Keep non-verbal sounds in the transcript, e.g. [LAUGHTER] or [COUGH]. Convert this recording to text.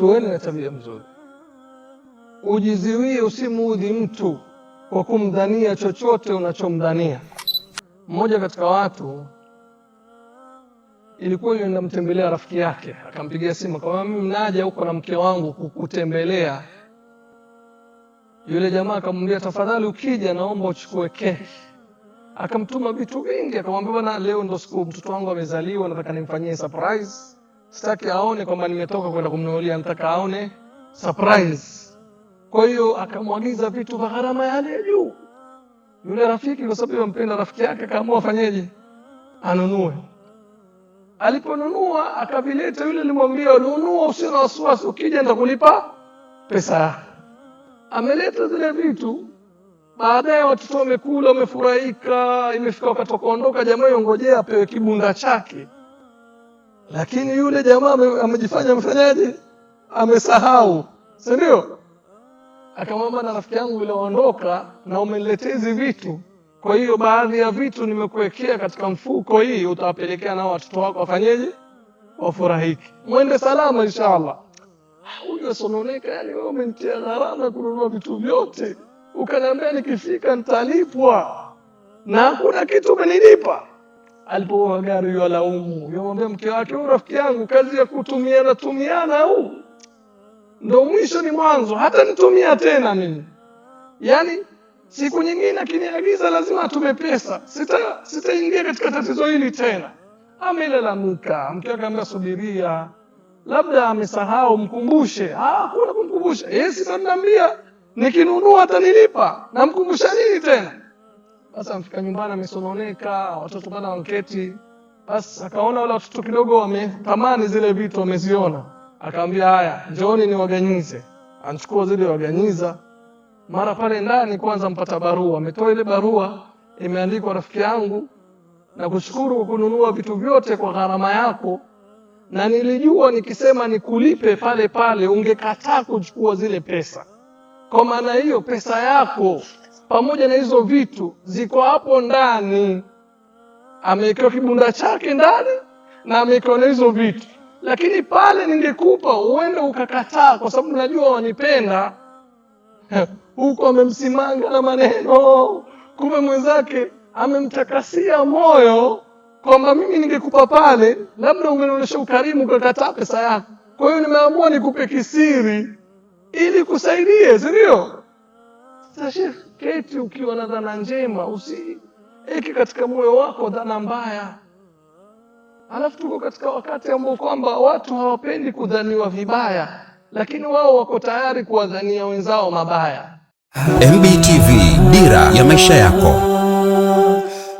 tuwene na tabia mzuri, ujiziwie, usimuudhi mtu kwa kumdhania chochote unachomdhania. Mmoja katika watu ilikuwa namtembelea rafiki yake, akampigia simu akamwambia, mimi mnaja huko na mke wangu kukutembelea. Yule jamaa akamwambia, tafadhali ukija, naomba uchukue keki. Akamtuma vitu vingi, akamwambia, bwana, leo ndo siku mtoto wangu amezaliwa, nataka nimfanyie surprise sitaki aone kwamba nimetoka kwenda kumnunulia, nataka aone surprise. Kwa hiyo akamwagiza vitu vya gharama ya hali ya juu yule rafiki, kwa sababu yampenda rafiki yake, akaamua afanyeje, anunue. Aliponunua akavileta, yule alimwambia, nunua, usio na wasiwasi, ukija nitakulipa pesa yako. Ameleta zile vitu, baadaye watoto wamekula, wamefurahika, imefika wakati wa kuondoka, jamaa yongojea apewe kibunda chake lakini yule jamaa amejifanya mfanyaji amesahau, si ndio? Akamwambia na rafiki yangu yule, na umeniletea hizi vitu, kwa hiyo baadhi ya vitu nimekuwekea katika mfuko hii, utawapelekea nao watoto wako wafanyeje, wafurahiki, mwende salama inshallah. Ah, huyu asononeka, yani wewe umenitia gharama kununua vitu vyote, ukaniambia nikifika nitalipwa na hakuna kitu umenilipa alipoa gari yo laumu, mke wake, u rafiki yangu, kazi ya kutumiana tumiana au ndo mwisho ni mwanzo, hata nitumia tena mimi yani siku nyingine akiniagiza lazima atume pesa, sita sitaingia katika tatizo hili tena. Amelalamika mke wake, ambaye subiria, labda amesahau, mkumbushe. Ah, hakuna kumkumbusha, yeye eh, sitamwambia nikinunua atanilipa, namkumbusha nini tena? Basi amfika nyumbani amesononeka, watoto bado wanketi. Basi akaona wale watoto kidogo wametamani zile vitu, wameziona, akaambia haya, njooni niwaganyize. Anchukua zile waganyiza. Mara pale ndani kwanza mpata barua, ametoa ile barua imeandikwa, rafiki yangu, nakushukuru kwa kununua vitu vyote kwa gharama yako, na nilijua nikisema nikulipe pale pale ungekataa kuchukua zile pesa. Kwa maana hiyo pesa yako pamoja na hizo vitu ziko hapo ndani, amewekewa kibunda chake ndani na amewekewa na hizo vitu. Lakini pale ningekupa uende ukakataa, kwa sababu najua wanipenda [LAUGHS] huko amemsimanga na maneno, kumbe mwenzake amemtakasia moyo kwamba mimi ningekupa pale, labda umenionyesha ukarimu, ukakataa pesa yako. Kwa hiyo nimeamua nikupe kisiri ili kusaidie, si ndio? Sasa keti ukiwa na dhana njema, usieke katika moyo wako dhana mbaya. Alafu tuko katika wakati ambao kwamba watu hawapendi kudhaniwa vibaya, lakini wao wako tayari kuwadhania wenzao mabaya. MBTV, dira ya maisha yako.